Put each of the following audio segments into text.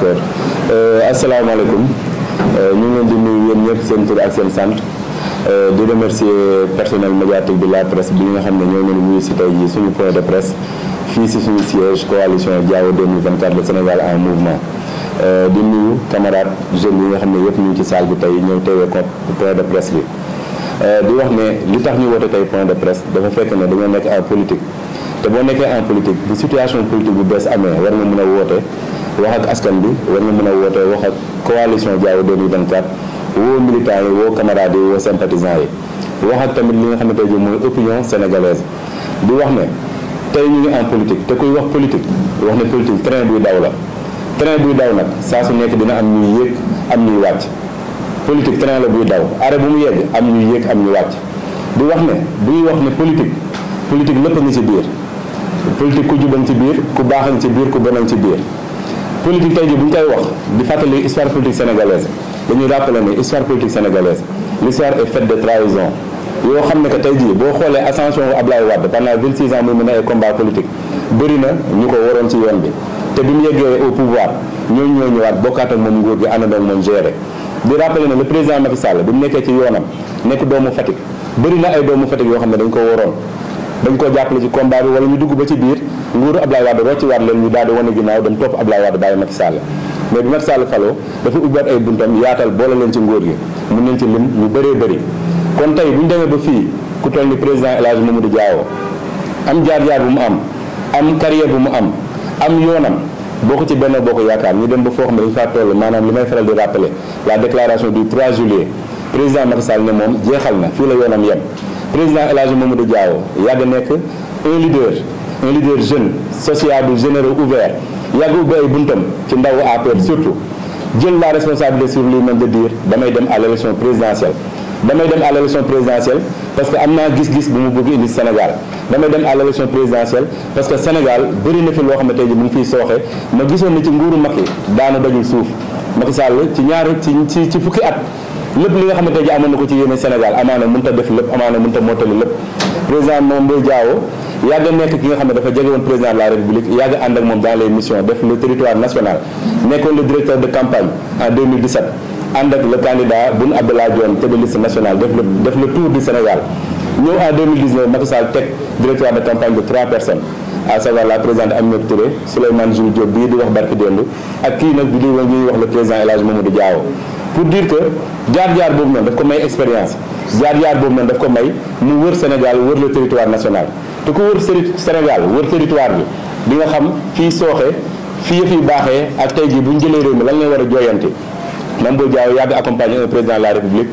accord euh, asalaamaaleykum euh, ñu ngi leen di nuyu yéen ñëpp seen tur ak seen sant euh, di remercier personnel médiatique bi la presse bi nga xam ne ñoo ngi nuyu si tey jii suñu point de presse fii si suñu siège coalition Diao 2024 le Sénégal en mouvement di nuyu camarade jeunes yi nga xam ne yëpp ñu ngi ci salle bi tey ñëw teewee point de presse bi di wax ne li tax ñu woote tey point de presse dafa fekk ne dañoo nekk en politique te boo nekkee en politique bu situation politique bu bees amee war nga mën a woote wax ak askan bi war nga mën a woote wax ak coalition Diao 2024 woo militants yi woo camarades yi woo sympathisants yi wax ak tamit li nga xamante ne mooy opinion sénégalaise di wax ne tey ñu ngi en politique te kuy wax politique wax ne politique train buy daw la nag saa su nekk dina am ñuy yéeg am ñuy wàcc la bu mu yegg am ñuy yéeg am ñuy wàcc di wax ne bu ñu wax ne politique politique lépp a ngi ci biir politique ku jub ngi ci biir ku baax ngi ci biir ku bon ngi ci biir politique tey jii bu ñu koy wax di fàttali histoire politique sénégalaise dañuy rappeler ne histoire politique sénégalaise l'histoire est de trahison yoo xam ne que tey jii boo xoolee ascension wu Ablaye Wade pendant 26 ans muy mën a ay combat politique bëri na ñu ko waroon ci yoon bi te bi mu yeggee au pouvoir ñooñu ñoo ñëwaat moom nguur gi àndandoo moom géré di rappeler ne le président Macky Sall bi mu nekkee ci yoonam nekk doomu Fatick xam ne dañ ko waroon dañ koo jàppale ci combat bi wala ñu dugg ba ci biir nguuru Abdoulaye Wade rocci waat leen ñu daal di wane ginnaaw dem topp Abdoulaye Wade bàyyi Macky Sall mais bi Macky Sall faloo dafa ubbaat ay buntam yaatal boole leen ci nguur gi mu nañ ci lim ñu bëree bëri kon tey bu ñu demee ba fii ku toll ni président El Hadji Mamadou Diawo am jaar-jaar bu mu am am carrière bu mu am am yoonam boo ko ci benn boo ko yaakaar ñu dem ba foo xam ne dañu faa toll maanaam li may faral di rappeler la déclaration du 3 juillet président Macky Sall ne moom jeexal na fii la yoonam yem président El Hadj Mamadou Diaw yàgg nekk un leader un leader jeune sociable généreux ouvert yàgg ubbi ay buntam ci ndawu APR surtout jël la responsabilité sur lui-même de dire damay dem à l'élection présidentielle damay dem à l'élection présidentielle parce que am naa gis-gis bu mu bëgg indi Sénégal damay dem à l'élection présidentielle parce que Sénégal bëri na fi loo xam ne tey ji mu ngi fiy sooxe ma gisoon ne ci nguuru Macky daana dajul suuf Macky ci ñaari at lépp li nga xamante ji amoon na ko ci yéene Sénégal amaana mënut a def lépp amaana mënut a mottali lépp président moom Mbaye Diao yàgg nekk ki nga xam ne dafa jege woon président de la république yàgg ànd ak moom dans les missions def le territoire national nekkoon le directeur de campagne en 2017 ànd ak le candidat Boun Abdallah Dionne te nationale def le tour du Sénégal ñëw en 2019 Macky Sall teg directoire de campagne à savoir la présidente Aminata Touré Souleymane Jules Diop bii di wax barki démb ak kii nag di wax ñuy wax le président El Hadj Mamadou Diawo pour dire que jaar-jaar boobu noonu daf ko may expérience jaar-jaar boobu noonu daf ko may mu wër Sénégal wër le territoire national te ku wër Sénégal wër territoire bi di nga xam fii sooxe fii yëf yi baaxee ak tey jii bu ñu jëlee réew mi lan lay war a jooyante Mamadou Diawo yàgg accompagner un président la République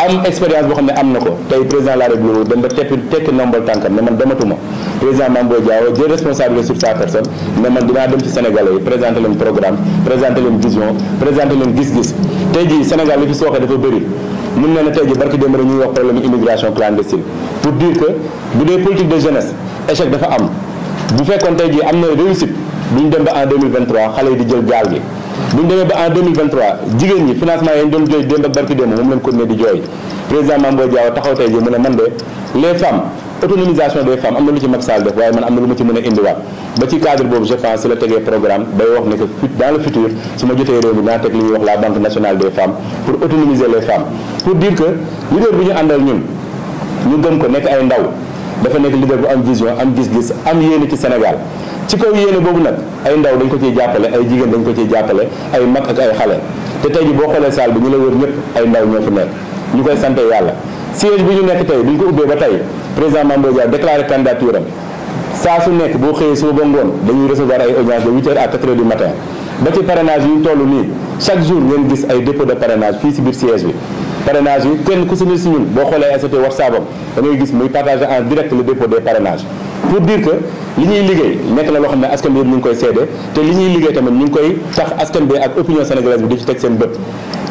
am expérience boo xam ne am na ko tey président la République dem ba tekki tekki nombal tànkam ne man dematuma président Mame Boye Diao jël responsabilité sur sa personne ne man dinaa dem ci Sénégalais yi présenté leen programme présenté leen vision présenté leen gis-gis tey jii Sénégal li fi sooxe dafa bëri mun na ne tey jii barki démb rek ñuy wax problème immigration clandestine pour dire que bu dee politique de jeunesse échec dafa am bu fekkoon tey jii am na réussite bu ñu dem ba en 2023 xale yi di jël bu ñu demee ba en 2023 jigéen ñi financement yi ñu doon jooy démb ak barki démb moom lañ ko ne di jooy président Mame Boye man de les femmes autonomisation des femmes am na lu ci Macky Sall def waaye man am na lu ma ci mën a indiwaat ba ci cadre boobu je pense la tegee programme bay wax ne que dans le futur su ma jotee réew mi naa teg li ñuy wax la banque nationale des femmes pour autonomiser les femmes pour dire que leader bi ñu àndal ñun ñu gëm ko nekk ay ndaw dafa nekk leader bu am vision am gis-gis ci kaw yéene boobu nag ay ndaw dañ ko ci jàppale ay jigéen dañ ko ciy jàppale ay mag ak ay xale te tey ji boo xoolee saal bi ñu la wër ñëpp ay ndaw ñoo fi nekk ñu koy sante yàlla siège bi ñu nekk tey bi ñu ko ubbee ba tey président Mambo Dia déclaré candidature am saa su nekk boo xëyee suba ba ngoon dañuy recevoir ay audience de 8 heures à 4 heures du matin ba ci parrainage yi ñu toll nii chaque jour ngeen gis ay dépôt de parrainage fii si biir siège bi parrainage yi kenn boo xoolee ACT WhatsApp am da gis muy partagé en direct le pour dire que li ñuy liggéey nekk na loo xam ne askan bi yëpp ñu ngi koy seede te li ñuy liggéey tamit ñu ngi koy tax askan bi ak opinion sénégalaise bi di ci teg seen bët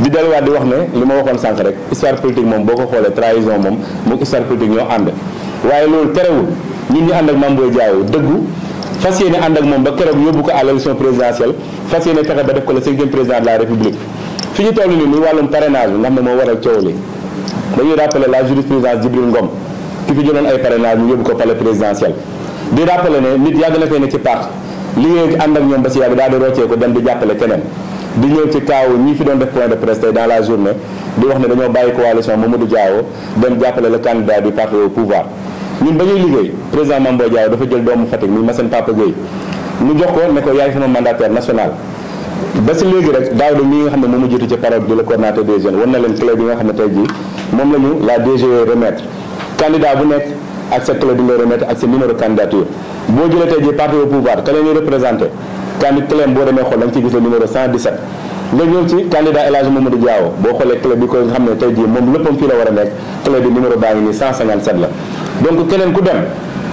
di delluwaat di wax ne li ma waxoon sànq rek histoire politique moom boo ko xoolee trahison moom moom histoire politique ñoo ànd waaye loolu terewul ñun ñu ànd ak Mame Boye Diao dëggu fas yéene ànd ak moom ba keroog yóbbu ko à l'élection présidentielle fas yéene fexe ba def ko le cinquième la république ñu toll nii muy wàllum parrainage bi nga xam ne moo waral coow li dañuy rappeler la ki fi jëloon ay parrainage ñu yóbbu ko palais présidentiel di rappelé ne nit yàgg na fee ci parti liggéey ànd ak ñoom ba si yàgg daal roccee ko dem di jàppale keneen di ñëw ci kaaw ñi fi doon def point de presse tey dans la journée di wax ne dañoo bàyyi coalition Mamadou Diawo dem jàppale le candidat du parti au pouvoir ñun ba ñuy liggéey président Mambo Diawo dafa jël doomu Fatick muy Massène Papa Gueye jox ko ne ko yaay sama mandataire national na candidat bu nekk ak sa clé bi ngay remettre ak sa numéro candidature boo jëlee tey jii parti au pouvoir ka la ñuy représenté kandi boo demee xool da nga ciy gis le numéro 117 nga ñëw ci candidat El Hadji Mamadou Diawo boo xoolee clé bi ko xam ne tey jii moom léppam fii la war a nekk clé bi numéro baa ngi nii 157 la donc keneen ku dem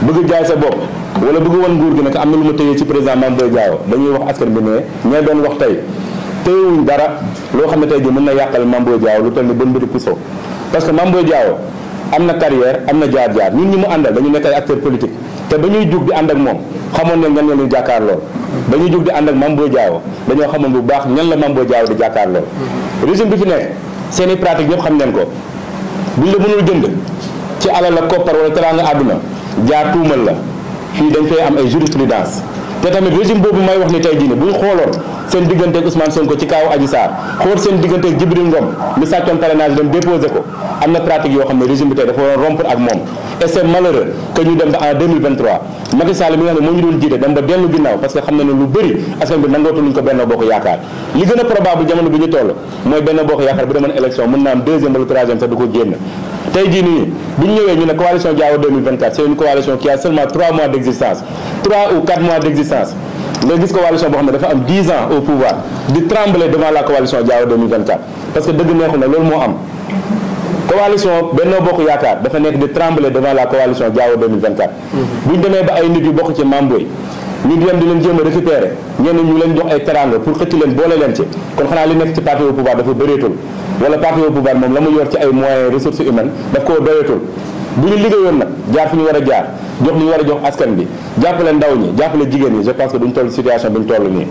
bëgg jaay sa bopp wala bëgg wan nguur gi nag am na lu ma téyee ci président Mame Boye Diao dañuy wax askan na yàqal Mame Boye Diao lu toll ni bën mbiri puso parce am na carrière am na jaar-jaar ñun ñi mu àndal dañu nekk ay acteur politique te ba ñuy jug di ànd ak moom xamoon ne ñan la ñuy jàkkaar lool ba ñuy jug di ànd ak Mame Boye Diao dañoo xamoon bu baax ñan la Mame Boye Diao di jàkkaar lool régime bi fi nekk seen i pratique ñëpp xam nañ ko buñ la mënul jënd ci alal a koppar wala teraanga àdduna jaar tuumal la fii dañ fay am ay jurisprudence te tamit régime boobu may wax ni tey jii nii xooloon seen digganteeg Ousmane Sonko ci kaawu Adji Sarr xool seen digganteeg Djibril Ngom mi sàccoon parrainage dem déposé ko am na pratique yoo xam ne régime bi tey dafa waroon rompre ak moom et c'est malheureux ñu dem ba en 2023 Macky Sall nga xam ne moo ñu doon jiite dem ba dellu ginnaaw parce que xam na ne lu bëri askan bi nangootu luñ ko Benno Bokk Yaakaar li gën a probable jamono bi ñu toll tey jii nii bu ñu ñëwee ñu ne coalition Diao 2024 c'est une coalition qui a seulement 3 mois d'existence 3 ou 4 mois d'existence nga gis coalition boo xam ne dafa am 10 ans au pouvoir di trembler devant la coalition Diao 2024 parce que dëgg neexu na loolu moo am coalition Benno Bokk Yaakaar dafa nekk di trembler devant la coalition Diao 2024 mm-hmm. bu ñu demee ba ay nit yu bokk ci Mamboy ñu di dem di leen jéem a récupérer ñenn ñu leen jox ay teranga pour xëcc leen boole leen ci kon xanaa li nekk ci parti au pouvoir dafa bëreetul wala parti au moom la mu yor ci ay moyens ressources humaines daf koo doyatul bu ñu liggéeyoon nag jaar fi ñu war a jaar jox li ñu war a jox askan bi jàppale ndaw ñi jàppale jigéen ñi je pense que duñ toll situation bi ñu toll nii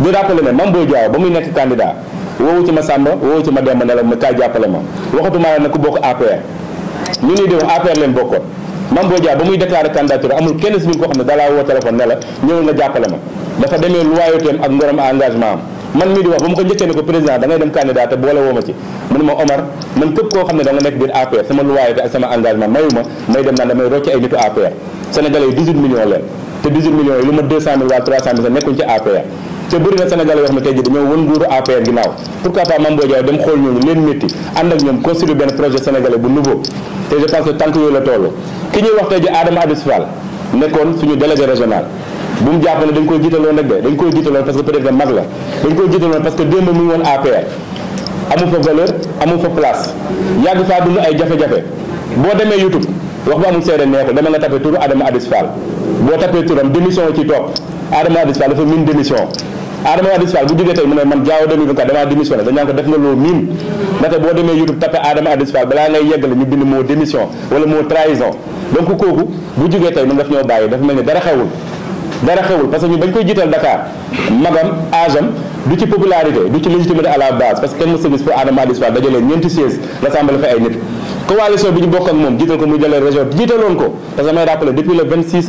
di rappelé ne Mame Boye Diao ba muy nekk candidat woowu ci ma Samba woowu ci ma Demba ne la ma kaay jàppale ma waxatuma la nag ku bokk APR Mame Boye Diao ba muy déclaré candidature amul kenn si ñun koo xam ne dalaa woo téléphone ne la nga jàppale ma dafa demee loyauté ak ngorom engagement am man mii di wax ba mu ko njëkkee ne ko président da ngay dem candidat te boole woo ma ci man ma Omar man képp koo xam ne da nekk biir APR sama loyauté ak sama engagement mayu may dem naan damay rocc ay nitu APR sénégalais yi 18 millions leen te 18 millions yi lu ma 200 000 te bëri na sénégalais yoo xam ne tey nguuru APR ginnaaw pourquoi pas Mame Boye Diao dem xool ñooñu leen métti ànd ak ñoom construire benn projet sénégalais bu nouveau te je pense que yooyu la toll ki ñuy wax tey ji Adama Abis nekkoon suñu délégué régional bu mu jàpp ne dañ koy jiitaloon rek de dañ koy jiitaloon parce que peut-être mag la dañ koy jiitaloon parce que démb mu ngi woon APR amu fa valeur amu fa place yàgg faa dund ay jafe-jafe boo demee YouTube wax bu amul seede neexul dama nga tapé turu Adama Aziz Fall bu jógee tey mu ne man Diao 2024 damaa démissionné dañ naan ko nga loo miin ndaxte boo demee YouTube tapé Adama Aziz Fall balaa ngay yeggale ñu bind mot démission wala mot trahison donc kooku bu jógee tey mën daf ñoo bàyyi dafa mel ni dara xewul dara xewul parce que ñu bañ koy jiital Dakar magam agam du ci popularité du ci légitimité à base parce que kenn mos a gis Adama Aliou Sow dajalee ñeenti siège rassemblé fa ay nit. coalition bi ñu bokk moom jiital ko muy jëlee région jiitaloon ko parce que may rappelé depuis le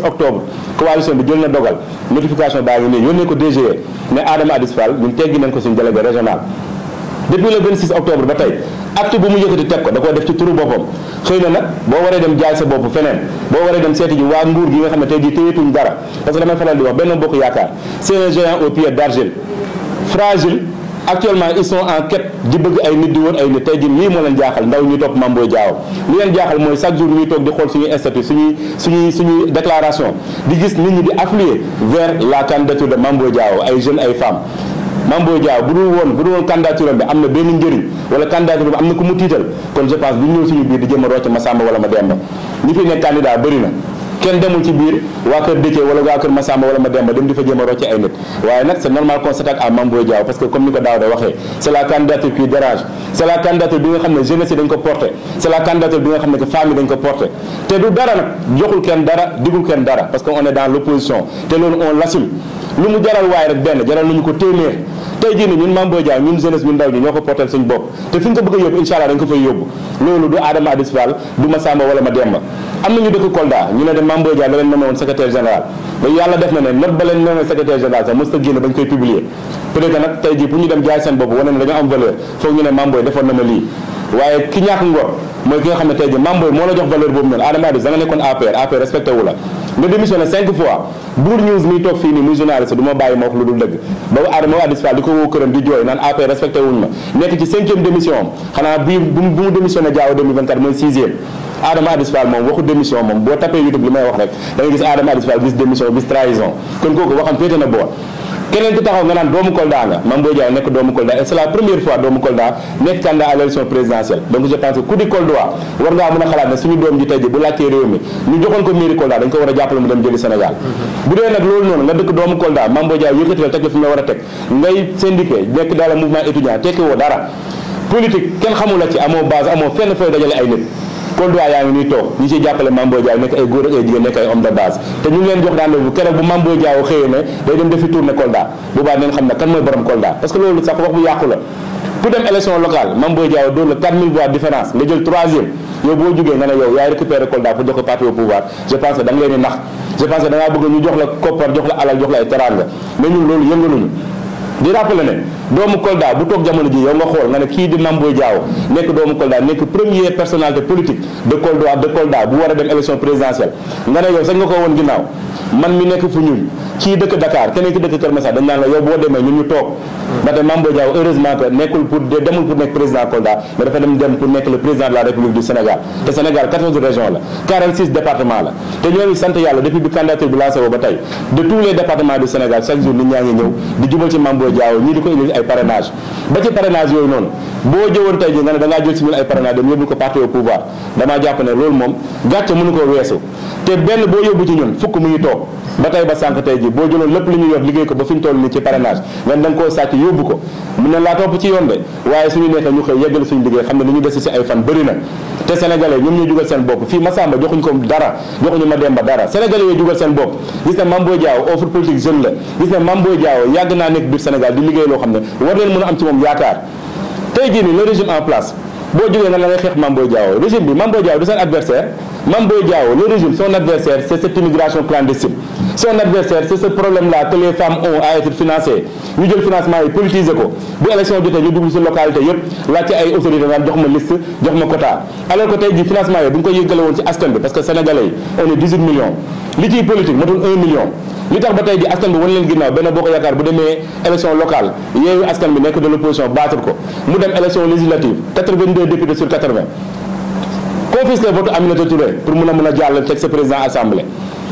octobre coalition bi jël na dogal notification baa ngi nii yónnee ko DGE mais Adama Aliou Sow ñun teggi nañ ko suñu délégué régional depuis le octobre ba tey. acte bu mu yëkkati teg ko da koo def ci turu boppam xëy na nag boo waree dem jaay sa bopp feneen boo waree dem seeti ji waa nguur gi nga xam ne tey jii téyetuñ dara parce que damay faral di wax benn bokk yaakaar c'est un géant aux pieds d'argile fragile actuellement ils sont en quête di bëgg ay nit di wër ay nit tey jii lii moo leen jaaxal ndaw ñu topp Mame Boye Diao li leen jaaxal mooy chaque jour ñuy toog di xool suñuy statut suñuy suñuy suñuy déclaration di gis nit ñi di affluer vers la candidature de Mame Boye Diao ay ay femmes Mame Boye Diao bu dul woon bu dul woon candidature bi am na benn njëriñ wala candidature bi am na ku mu tiital kon je pense bu ñëw suñu biir di jëm a rocc ma Samba wala ma Demba ñi fi nekk candidat bëri na kenn demul ci biir waa kër Déthié wala waa kër Massamba wala ma Demba dem di fa jéem a ay nit waaye nag c' normal qu'on s'attaque à Mame parce que comme ni ko daaw da waxee c' est la candidature qui dérange bi nga xam ne jeunesse kenn dara digul kenn dara parce que on est lu mu jaral waaye rek benn jaral nañu ko téeméer tey jii nii ñun Mame Boye Diao ñun jeunesse bi ndaw ñi ñoo ko portal suñu bopp te fi nga ko bëgg yóbbu incha allah da ko fay yóbbu loolu du Adama Adis Fall du ma Samba wala ma Demba am nañu dëkk Kolda ñu ne de Mame Boye Diao leen nommé woon secrétaire général yàlla def na ne note ba leen nommé secrétaire général sax mos a génn bañ koy publier peut-être jii pour ñu dem jaay seen bopp wane ki ñàkk ngor mooy nga démissionné cinq fois Bour News miy toog fii nii muy journaliste du ma bàyyi ma wax lu dul dëgg ba Adama Addis di ko woo këram di jooy naan APR respecté wuñ ma nekk ci cinquième démission am xanaa bii bu mu démissionné Diao 2024 mooy sixième Adama Addis moom waxu démission moom boo tapee YouTube li may wax rek da gis Adama Addis gis démission gis trahison kon kooku waxam féete na boor keneen ki taxaw nga naan doomu Kolda nga Mame Boye Diao nekk doomu Kolda et c'est la première fois doomu Kolda nekk candidat à présidentielle donc je pense ku di Koldois war ngaa mën a xalaat ne suñu doom ji tey ji bu laajtee réew mi ñu joxoon ko mairie Kolda dañ ko war a jàppale mu dem jëli Sénégal bu dee nag loolu noonu nga dëkk doomu Kolda Mame Boye yëkkati la teg la fi nga war a teg ngay syndiqué nekk dans mouvement étudiant tekki woo dara politique amoo base amoo fenn Koldoa yaa ngi nii toog ñi ciy jàppale Mame Boye nekk ay góor ak jigéen nekk ay homme de base te ñu ngi leen jox daan bu keroog bu Mame Boye Diao xëyee ne day dem defi tournée Kolda boobaa neen xam ne kan mooy borom Kolda parce que loolu sax wax bu yàqu la ku dem élection locale Mame Boye Diao dóor la 4000 voix différence nga jël troisième yow boo jógee nga ne yow yaay récupéré Kolda pour jox ko parti au pouvoir je pense que di rappelé ne doomu Kolda bu toog jamono ji yow nga xool nga ne kii di Mamboy Diao nekk doomu Kolda nekk première personnalité politique de Kolda de Kolda bu war a dem élection présidentielle nga ne yow sax nga ko woon ginnaaw man mi nekk fu ñuul kii dëkk Dakar keneen ki dëkk Kër Massar dañ naan la yow boo demee ñun ñu toog ba tey Mamboy Diao heureusement nekkul président Kolda mais dafa dem dem pour nekk le président de la République jaaw ñii di ko indil ay parrainage ba ci parrainage yooyu noonu boo jëwoon tey ji nga ne da ngaa jël si ñun ay parrainage dem yóbbu ko parti au pouvoir damaa jàpp ne loolu moom gàcce mënu ko weesu te benn boo yóbbu ci ñun fukk mu ngi toog ba tey ba sànq tey ji boo jëloon lépp lu ñu yor liggéey ko ba fi ñu toll nii ci parrainage nga ne da nga sàcc yóbbu ko mun na laa topp ci yoon de waaye suñu nekkee ñu koy yeggal suñu liggéey xam ne li ñu des si ay fan bëri na te sénégalais ñoom ñoo jugal seen bopp fii Massamba joxuñ ko dara joxuñu ma Demba dara sénégalais yoo jugal seen bopp gis na Mame Boye Diao offre politique la gis na Mame Boye yàgg naa nekk biir Sénégal di liggéey loo xam ne war leen mën a am ci moom yaakaar tey jii nii le régime en place boo jógee nga la ngay xeex Mame Boye régime bi Mame Boye du seen adversaire Mame Boye le régime son adversaire c'est cette immigration clandestine son adversaire c'est ce problème là que les femmes ont à être financées ñu jël financement yi politiser ko bu élection jotee ñu dugg si localité yëpp laajte ay autorité naan jox ma liste jox ma quota alors que tey jii financement yooyu bu ñu ko yëggale woon ci askan bi parce que sénégalais yi on est 18 millions li ciy politique matul 1 million li tax ba tey ji askan bi wan leen ginnaaw benn boo ko yaakaar bu demee élection locale yeewu askan bi nekk de a mun a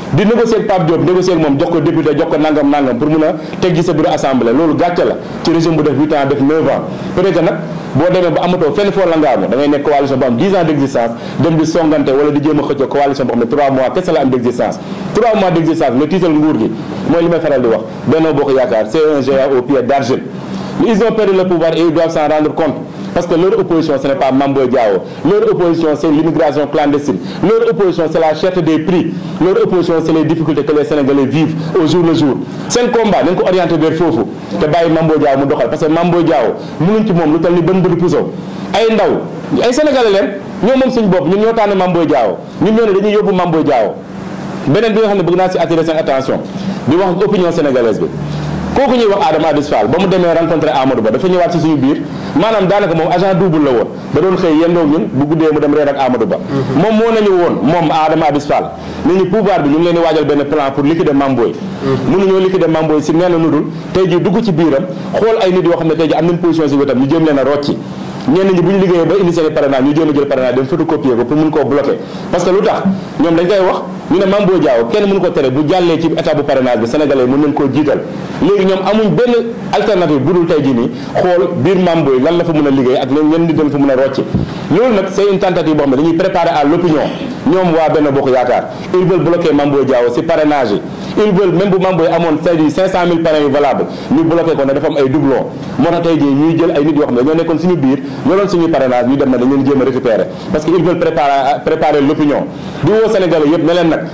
di négocier ak Pape Diop négocier ak moom jox ko député jox ko nangam nangam pour mun a teg ci sa bureau assemblée loolu gàcce la ci régime bu def 8 ans def 9 ans peut-être que nag boo nekk coalition bu am 10 ans d' dem di songante wala di jéem a coalition boo xam ne 3 mois kese la am d' existence mois d' existence nga nguur gi mooy li may faral di wax Benno Bokk Yaakaar c'est un géant au pied d'argile ils ont perdu parce que leur opposition ce n'est pas Mambo Diao leur opposition c'est l'immigration clandestine leur opposition c'est la cherté des prix leur opposition c'est les difficultés que les Sénégalais vivent au jour le jour seen combat nañ ko orienté vers foofu te bàyyi Mambo Diao mu doxal parce que Mambo Diao mënuñ ci moom lu tal ni bën bëri puso ay ndaw ay Sénégalais ñoo moom suñu bopp ñun ñoo tànn Mambo Diao ñun ñoo ne dañuy yóbbu Mambo kooku ñuy wax Adama Adis Fall ba mu demee rencontré Amadou Ba dafa ñëwaat ci suñu biir maanaam daanaka moom agent double la woon da doon xëy yendoo ñun bu guddee mu dem reer ak Amadou Ba moom moo nañu woon moom Adama Adis Fall ne ñu pouvoir bi ñu ngi leen di waajal benn plan pour liquider Mamboy mënuñoo liquider Mamboy si nenn nudul tey ji dugg ci biiram xool ay nit yoo xam ne tey ji am nañ position si wetam ñu jëm leen a rocci ñenn ñi bu ñu liggéeyee ba indi seen i parrainage ñu jéem a jël parrainage dem photocopier ko pour mun koo bloquer parce lu tax ñoom dañ koy wax ñu ne Mame Boye kenn mënu ko tere bu jàllee ci état bu parrainage bi sénégalais yi mën koo jiital léegi ñoom amuñ benn alternative bu dul tey jii nii xool biir Mame Boye la fa mën a liggéey ak leen ñen di dem fa mën a rocci loolu nag c'est une boo xam ne dañuy préparer à l'opinion ñoom waa benn bokk yaakaar ils veulent même bu Mamboy amoon c'est-à-dire 500000 parrains yu valable ñu bloqué ko ne dafa am ay doublon moo tax tey jii ñuy jël ay nit yoo xam ne ñoo nekkoon suñu biir yoroon suñuy parrainage ñu dem na dañ leen jéem a récupérer parce que ils veulent préparer préparer l'opinion di woo Sénégalais yëpp ne nag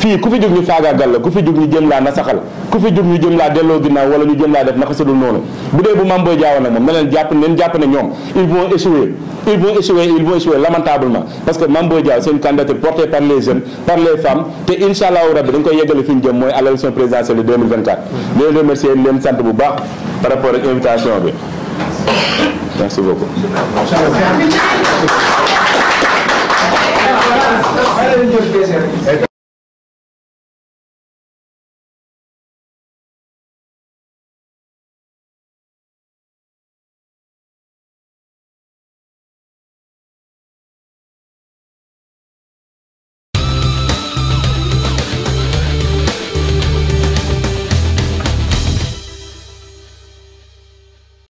fii ku fi jóg ñu faagaagal la ku fi jug ñu jëm laa nasaxal ku fi jub ñu jëm laa delloo ginnaaw wala ñu jëm laa def naka sa dul noonu bu dee bu Mame Boye Diao nag moom na leen jàpp leen jàpp ne ñoom ils vont échouer ils vont échouer ils vont échouer lamentablement parce que Mame Boye Diao c'est une candidature portée par les jeunes par les femmes te incha allahu rabbi dañ koy yeggale fi ñu jëm mooy à l'élection présidentielle de 2024 leen remercier leen sant bu baax par rapport ak invitation bi merci beaucoup Thank